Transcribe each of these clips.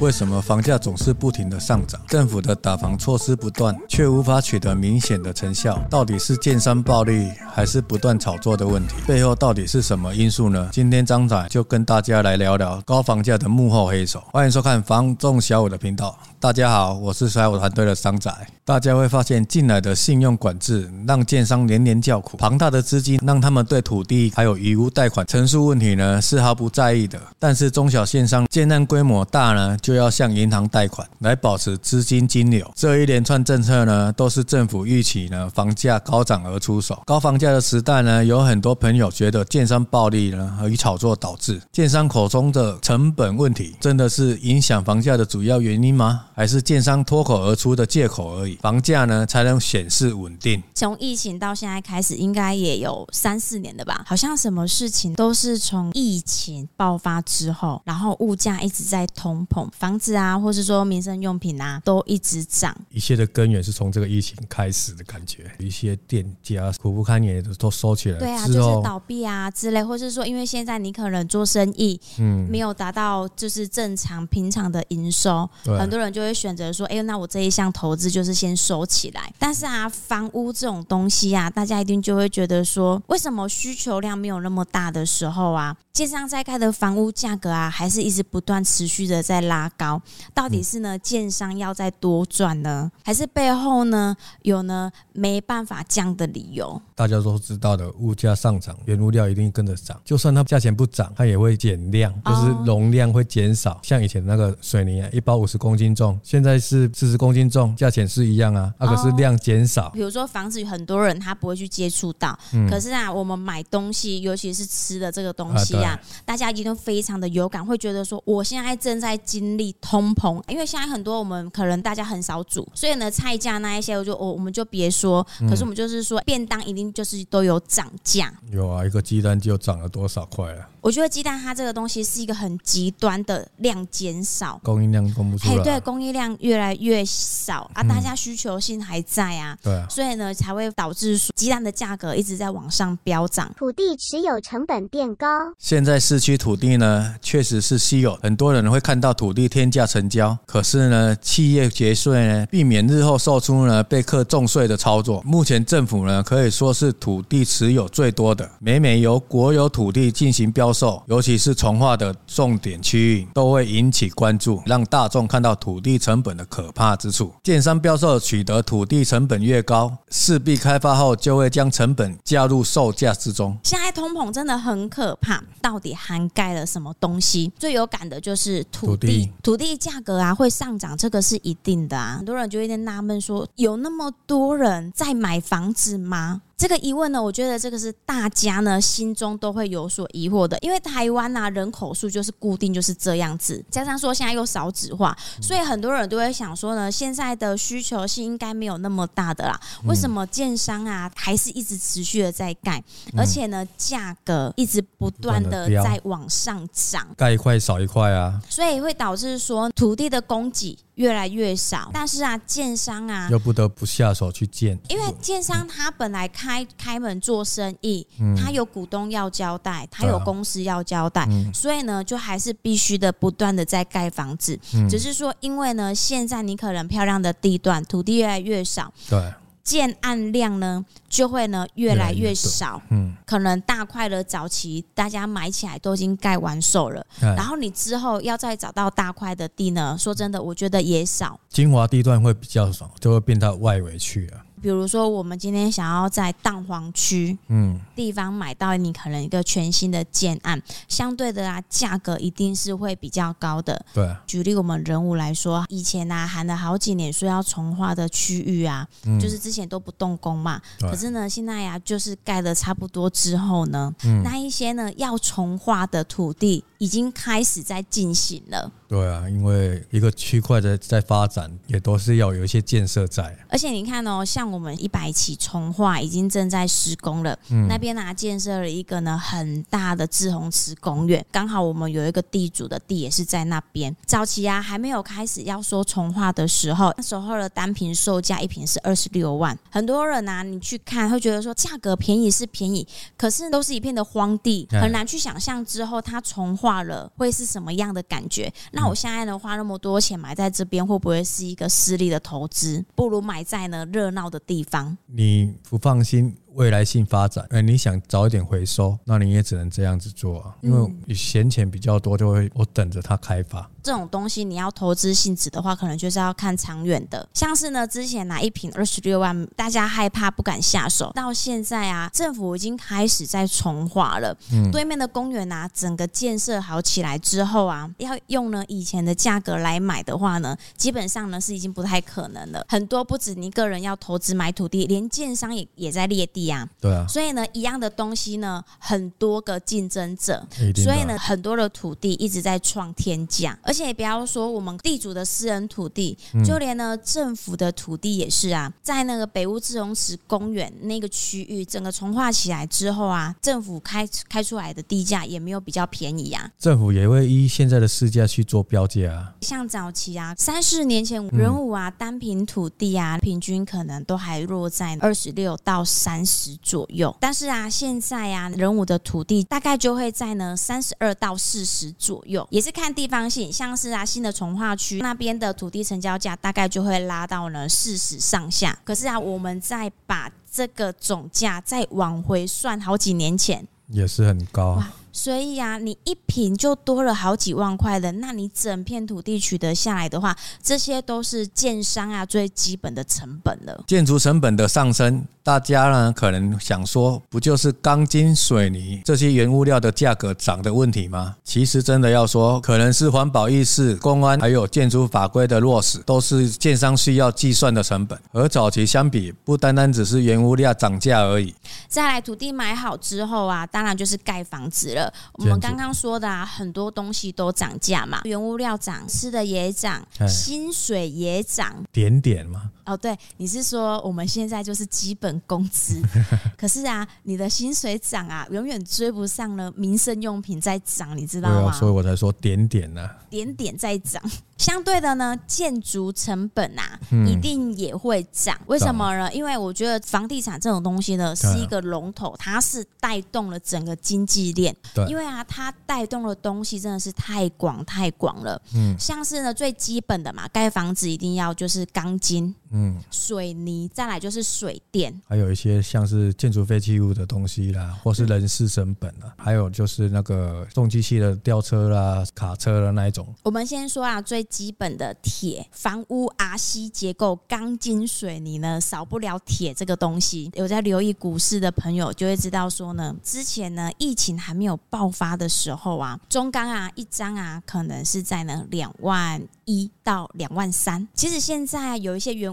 為什麼房價總是不停的上漲？政府的打房措施不斷，卻無法取得明顯的成效，到底是建商暴利，還是不斷炒作的問題？背後到底是什麼因素呢？今天張仔就跟大家來聊聊高房價的幕後黑手。歡迎收看房眾小五的頻道。大家好，我是小武團隊的張仔。大家會發現，近來的信用管制讓建商連連叫苦。龐大的資金讓他們對土地還有餘屋貸款、成數問題呢，絲毫不在意的。但是中小建商建案規模大呢，就要向銀行貸款來保持資金金流。這一連串政策呢，都是政府預期呢房價高漲而出手。高房價的時代呢，有很多朋友覺得建商暴利呢和與炒作導致。建商口中的成本問題，真的是影響房價的主要原因嗎？還是建商脫口而出的借口而已？房價呢才能顯示穩定。從疫情到現在開始，應該也有三四年的吧？好像什麼事情都是從疫情爆發之後，然後物價一直在通膨，房子啊，或是說民生用品啊，都一直漲。一切的根源是從這個疫情開始的感覺。一些店家苦不堪言都收起來，對啊，就是倒閉啊之類，或是說因為現在你可能做生意，嗯，沒有達到就是正常平常的營收，嗯、很多人就會選擇說，哎、欸、呦，那我這一項投資就是先。收起來，但是啊，房屋這種東西啊，大家一定就會覺得說，為什麼需求量沒有那麼大的時候啊，建商在蓋的房屋價格啊，還是一直不斷持續的在拉高？到底是呢，建商要再多賺呢，還是背後呢，有呢沒辦法降的理由？大家都知道的，物價上漲，原物料一定跟着漲，就算它價錢不漲，它也會減量，就是容量會減少、哦。像以前那個水泥啊，一包五十公斤重，現在是四十公斤重，價錢是一。一樣啊，那個是量減少、哦。比如說房子，很多人他不會去接觸到、嗯。可是啊，我們買東西，尤其是吃的這個東西啊，大家一定非常的有感，會覺得說，我現在正在經歷通膨，因為現在很多我們可能大家很少煮，所以呢，菜價那一些，我就我我們就別說，可是我們就是說，便當一定就是都有漲價。有啊，一個雞蛋就漲了多少塊了？我覺得雞蛋它這個東西是一個很極端的量減少，供應量供不出來，哎，對，供應量越來越少啊，大家需求性還在啊，對、嗯，所以呢才會導致雞蛋的價格一直在往上飆漲。土地持有成本變高，現在市區土地呢確實是稀有，很多人會看到土地天價成交。可是呢，企業節稅呢，避免日後售出呢被課重稅的操作，目前政府呢可以說是土地持有最多的，每每由國有土地進行標銷售，尤其是重劃的重點區域，都會引起關注，讓大眾看到土地成本的可怕之處。建商標售取得土地成本越高，勢必開發後就會將成本加入售價之中。現在通膨真的很可怕，到底涵蓋了什麼東西？最有感的就是土地，土地，土地價格啊會上漲，這個是一定的啊。很多人就有點納悶說，說有那麼多人在買房子嗎？這個疑問呢，我覺得這個是大家呢心中都會有所疑惑的，因為台灣啊人口數就是固定就是這樣子，加上說現在又少子化，所以很多人都會想說呢，現在的需求是應該沒有那麼大的啦，為什麼建商啊還是一直持續的在蓋，而且呢價格一直不斷的在往上漲，蓋一塊少一塊啊，所以會導致說土地的供給越來越少，但是啊建商啊又不得不下手去建，因為建商他本來看。開開門做生意，嗯，他有股東要交代，他有公司要交代，嗯、所以呢，就還是必須的，不斷的在蓋房子。只、嗯就是說，因為呢，現在你可能漂亮的地段土地越來越少，對，建案量呢就會呢越來越少越來越。嗯，可能大塊的早期大家買起來都已經蓋完售了，嗯，然後你之後要再找到大塊的地呢，說真的，我覺得也少。精華地段會比較少，就會變到外圍去了。比如說，我們今天想要在蛋黃區，嗯，地方買到你可能一個全新的建案，相對的啊，價格一定是會比較高的。對，舉例我們仁武來說，以前吶、啊、喊了好幾年說要重劃的區域啊，嗯、就是之前都不動工嘛，可是呢，現在呀、啊、就是蓋了差不多之後呢，嗯、那一些呢要重劃的土地已經開始在進行了。對啊，因為一個區塊的在,在發展，也都是要有一些建設在。而且你看哦，像我們一百期重劃已經正在施工了，那邊呢、啊、建設了一個呢很大的滯洪池公園。剛好我們有一個地主的地也是在那邊。早期啊還沒有開始要說重劃的時候，那時候的單坪售價一坪是二十六萬，很多人吶、啊、你去看會覺得說價格便宜是便宜，可是都是一片的荒地，很難去想象之後它重劃了會是什麼樣的感覺。那我現在呢，花那麼多錢買在這邊，會不會是一個失利的投資？不如買在呢熱鬧的地方。你不放心。未來性發展，哎、欸，你想早一點回收，那你也只能這樣子做啊，嗯、因為閒錢比較多，就會我等着它開發。這種東西你要投資性質的話，可能就是要看長遠的。像是呢，之前拿、啊、一坪二十六萬，大家害怕不敢下手，到現在啊，政府已經開始在重劃了，嗯。對面的公園啊，整個建設好起來之後啊，要用呢以前的價格來買的話呢，基本上呢是已經不太可能了。很多不止你個人要投資買土地，連建商也也在獵地。對啊，所以呢，一樣的東西呢，很多個競爭者，所以呢，很多的土地一直在創天價，而且也不要說我們地主的私人土地，就連呢政府的土地也是啊。在那個北屋滯洪池公園那個區域，整個重劃起來之後啊，政府開開出來的地價也沒有比較便宜啊，政府也會依現在的市價去做標價啊。像早期啊，三十年前，仁武啊，單坪土地啊，平均可能都還落在二十六到三。十左右，但是啊，現在啊，仁武的土地大概就會在呢三十二到四十左右，也是看地方性。像是啊，新的重劃區那邊的土地成交價大概就會拉到呢四十上下。可是啊，我們再把這個總價再往回算，好幾年前也是很高啊。所以啊，你一坪就多了好幾萬塊的，那你整片土地取得下來的話，這些都是建商啊最基本的成本了。建築成本的上升，大家呢可能想說，不就是鋼筋、水泥這些原物料的價格漲的問題嗎？其實真的要說，可能是環保意識、公安還有建築法規的落實，都是建商需要計算的成本。和早期相比，不單單只是原物料漲價而已。再來，土地買好之後啊，當然就是蓋房子了。我們剛剛說的啊，很多東西都漲價嘛，原物料漲，吃的也漲，薪水也漲，點點嘛。哦，對，你是說我們現在就是基本工資， 可是啊，你的薪水漲啊，永遠追不上了，民生用品在漲，你知道嗎、啊？所以我才說點點呢、啊，點點在漲。相對的呢，建築成本啊、嗯，一定也會漲。為什麼呢？因為我覺得房地產這種東西呢，是一個龍頭、啊，它是帶動了整個經濟鏈。嗯、因為啊，它帶動的東西真的是太廣太廣了，像是呢，最基本的嘛，蓋房子一定要就是鋼筋。嗯，水泥，再來就是水電，還有一些像是建築廢棄物的東西啦，或是人事成本啊，嗯，還有就是那個重機器的吊車啦、卡車的那一種。我們先說啊，最基本的鐵，房屋 R C 結構鋼筋水泥呢，少不了鐵這個東西。有在留意股市的朋友就會知道說呢，之前呢疫情還沒有爆發的時候啊，中鋼啊一張啊，可能是在呢兩萬一到兩萬三。其實現在有一些原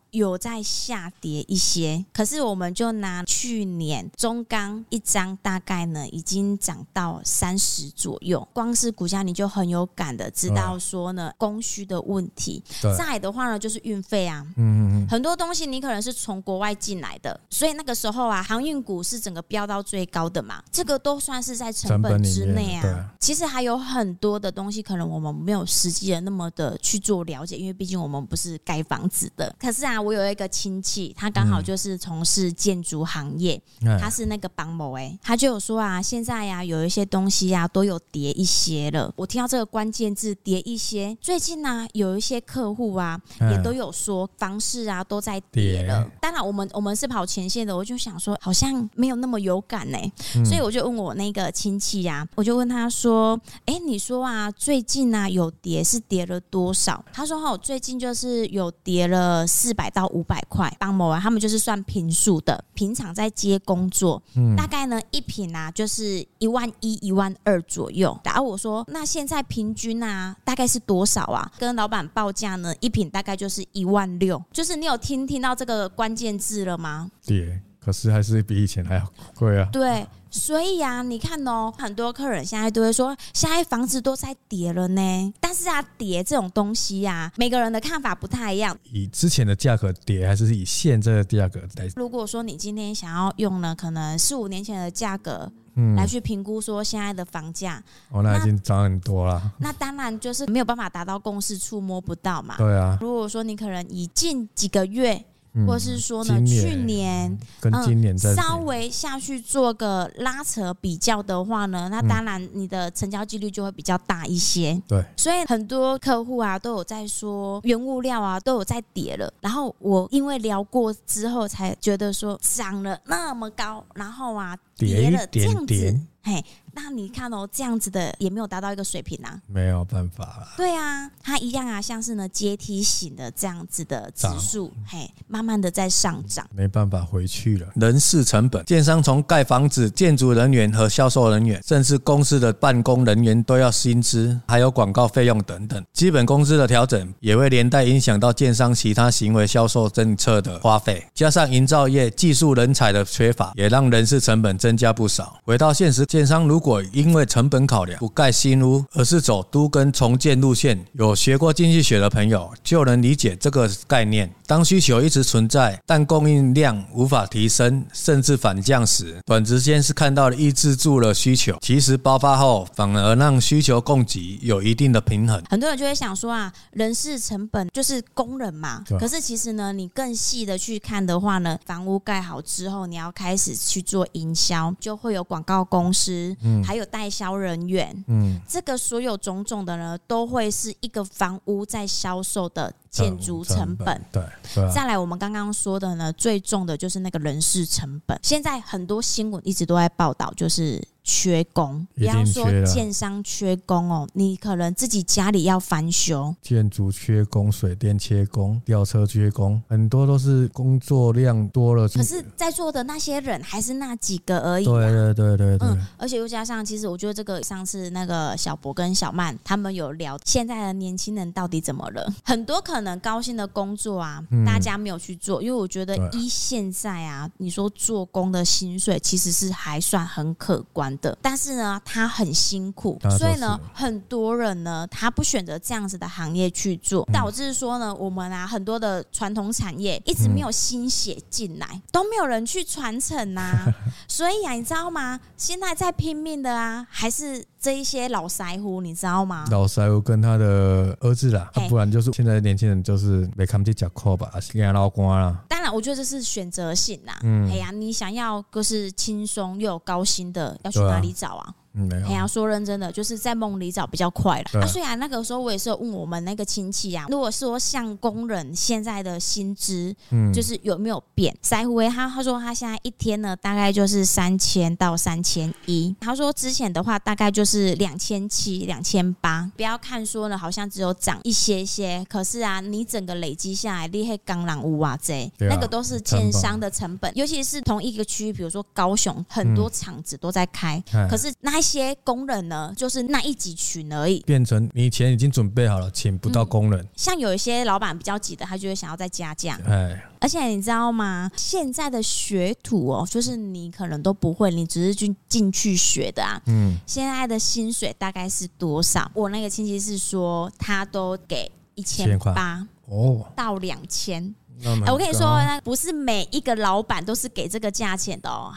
有在下跌一些，可是我們就拿去年中鋼一張，大概呢已經漲到三十左右。光是股價你就很有感的知道說呢供需的問題。再來的話呢就是運費啊，嗯很多東西你可能是從國外進來的，所以那個時候啊航運股是整個飆到最高的嘛。這個都算是在成本之內啊。其實還有很多的東西可能我們沒有實際的那麼的去做了解，因為畢竟我們不是蓋房子的。可是啊。我有一個親戚，他剛好就是從事建築行業，嗯、他是那個板模哎，他就有說啊，現在呀、啊、有一些東西呀、啊、都有跌一些了。我聽到這個關鍵字“跌一些”，最近呢、啊、有一些客戶啊也都有說房市啊都在跌了。嗯、當然，我們我們是跑前線的，我就想說好像沒有那麼有感呢、欸嗯。所以我就問我那個親戚呀、啊，我就問他說：“哎、欸，你說啊，最近呢、啊、有跌是跌了多少？”他說：“好，最近就是有跌了四百。”到五百塊，幫某啊，他們就是算坪數的，平常在接工作，大概呢一坪啊就是一萬一、一萬二左右。然後我說，那現在平均啊大概是多少啊？跟老板報價呢，一坪大概就是一萬六。就是你有聽聽到這個關鍵字了嗎？對、yeah.。可是還是比以前還要貴啊！對，所以啊，你看哦，很多客人現在都會說，現在房子都在跌了呢。但是啊，跌這種東西呀、啊，每個人的看法不太一樣。以之前的價格跌，還是以現在的價格來？如果說你今天想要用呢，可能四五年前的價格，嗯，來去評估說現在的房價、嗯哦，那已經漲很多了那。那當然就是沒有辦法達到共識，觸摸不到嘛。對啊。如果說你可能以近幾個月。或是說呢，年去年跟今年再，嗯、稍微下去做個拉扯比較的話呢，那當然你的成交幾率就會比較大一些。對，所以很多客戶啊都有在說原物料啊都有在跌了，然後我因為聊過之後才覺得說漲了那麼高，然後啊。跌了，點點。嘿，那你看哦，這樣子的也沒有達到一個水平啊。沒有辦法，對啊，它一樣啊，像是呢階梯型的這樣子的指數，嘿，慢慢的在上漲，沒辦法回去了。人事成本，建商從蓋房子、建築人員和銷售人員，甚至公司的辦公人員都要薪資，還有廣告費用等等，基本工資的調整也會連帶影響到建商其他行為銷售政策的花費，加上營造業技術人才的缺乏，也讓人事成本增。增加不少。回到現實，建商如果因為成本考量不蓋新屋，而是走都更重建路線，有學過經濟學的朋友就能理解這個概念。當需求一直存在，但供應量無法提升，甚至反降時，短時間是看到了抑制住了需求，其實爆發後反而讓需求供給有一定的平衡。很多人就會想說啊，人事成本就是工人嘛？可是其實呢，你更細的去看的話呢，房屋蓋好之後，你要開始去做營銷。就會有廣告公司，嗯，還有代銷人員，嗯，這個所有種種的呢，都會是一個房屋在銷售的建築成本，成本。對，對啊，再來我們剛剛說的呢，最重的就是那個人事成本。現在很多新聞一直都在報道，就是。缺工，比方說建商缺工哦、喔，你可能自己家裡要翻修，建築缺工、水電缺工、吊車缺工，很多都是工作量多了。可是，在座的那些人還是那幾個而已、啊。對對對對對，對。嗯，而且又加上，其實我覺得這個上次那個小博跟小曼他們有聊，現在的年輕人到底怎麼了？很多可能高薪的工作啊，大家沒有去做，因為我覺得依現在啊，你說做工的薪水其實是還算很可觀的。的，但是呢，他很辛苦，所以呢，很多人呢，他不選擇這樣子的行業去做，嗯、導致說呢，我們啊，很多的傳統產業一直沒有新血進來，嗯、都沒有人去傳承吶、啊。 所以呀、啊，你知道嗎？現在在拼命的啊，還是這一些老師傅你知道嗎？老師傅跟他的兒子啦，欸、不然就是現在的年輕人就是沒看見腳闊吧，還是跟他老公啦。我覺得這是選擇性吶，嗯，哎呀，你想要就是輕鬆又有高薪的，要去哪裡找啊？還、嗯、要、哦、哎、說認真的，就是在夢裡找比較快了。啊，雖然那個時候我也是問我們那個親戚呀、啊，如果說像工人現在的薪資，嗯，就是有沒有變？塞胡威他他說他現在一天呢大概就是三千到三千一。他說之前的話大概就是兩千七兩千八。不要看說呢好像只有漲一些些，可是啊你整個累積下來厲害，剛狼屋啊這那個都是建商的成本，成本尤其是同一個區域，比如說高雄，很多場子都在開，嗯、可是那。一些工人呢，就是那一集群而已，變成你錢已經準備好了，請不到工人。像有一些老闆比較急的，他就會想要再加價。哎，而且你知道嗎？現在的學徒哦，就是你可能都不會，你只是去進去學的啊。嗯，現在的薪水大概是多少？我那個親戚是說，他都給一千八哦，到兩千。我，欸、我跟你說，哦、那不是每一個老闆都是給這個價錢的哦。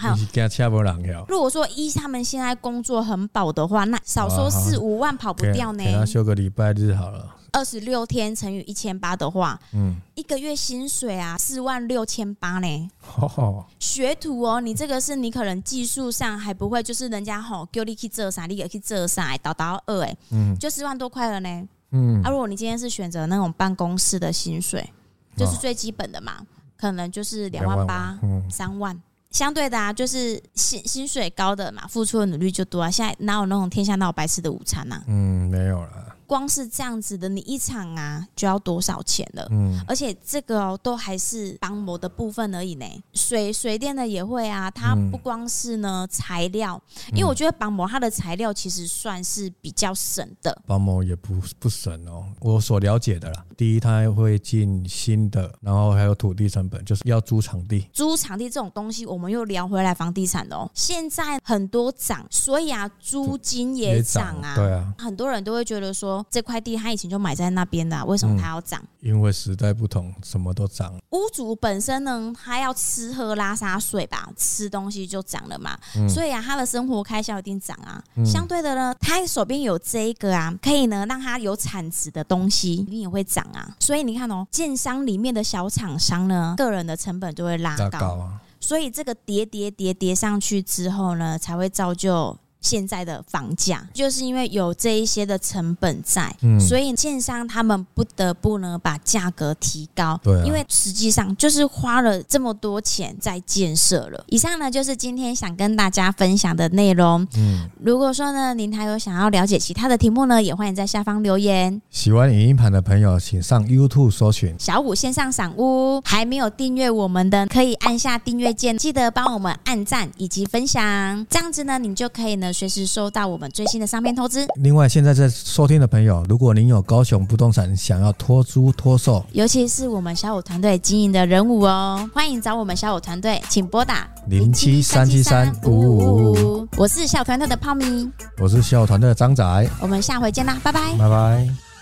如果說一他們現在工作很飽的話，那少說四五、嗯、萬跑不掉呢。休個禮拜日好了，二十六天乘以一千八的話，嗯，一個月薪水啊，四萬六千八呢。哦、學徒哦，你這個是你可能技術上還不會，就是人家吼，叫你去這啥，你也可以這啥，導導二哎，嗯，就四萬多塊了呢。嗯，啊，如果你今天是選擇那種辦公室的薪水，就是最基本的嘛，哦、可能就是兩萬八、三、嗯、萬，相對的啊，就是薪薪水高的嘛，付出的努力就多啊。現在哪有那種天下哪有白吃的午餐吶、啊？嗯，沒有了。光是這樣子的，你一場啊就要多少錢了？嗯，而且這個、哦、都還是綁模的部分而已呢。水水電的也會啊，它不光是呢材料，因為我覺得綁模它的材料其實算是比較省的。綁模也不不省哦，我所了解的啦。第一，它會進新的，然後還有土地成本，就是要租場地。租場地這種東西，我們又聊回來房地產的哦。現在很多漲，所以啊租金也漲啊。對啊，很多人都會覺得說。這塊地他以前就買在那邊的，為什麼它要漲、嗯？因為時代不同，什麼都漲。屋主本身呢，他要吃喝拉撒睡吧，吃東西就漲了嘛、嗯，所以啊，他的生活開銷一定漲啊、嗯。相對的呢，他手邊有這一個啊，可以呢讓他有產值的東西，一定也會漲啊。所以你看哦，建商裡面的小廠商呢，個人的成本就會拉高，拉高啊。所以這個疊疊疊疊疊上去之後呢，才會造就。現在的房價就是因為有這一些的成本在，嗯、所以建商他們不得不呢把價格提高。對、啊，因為實際上就是花了這麼多錢在建設了。以上呢就是今天想跟大家分享的內容。嗯，如果說呢您還有想要了解其他的題目呢，也歡迎在下方留言。喜歡影音版的朋友，請上 YouTube 搜尋小武線上賞屋。還沒有訂閱我們的，可以按下訂閱鍵，記得幫我們按讚以及分享，這樣子呢，你就可以呢。隨時收到我們最新的商品通知。另外，現在在收聽的朋友，如果您有高雄不動產想要託租託售，尤其是我們小武團隊經營的業務哦，歡迎找我們小武團隊，請撥打零七三七三五五五五。我是小武團隊的泡咪，我是小武團隊的張仔，我們下回見啦，拜拜，拜拜。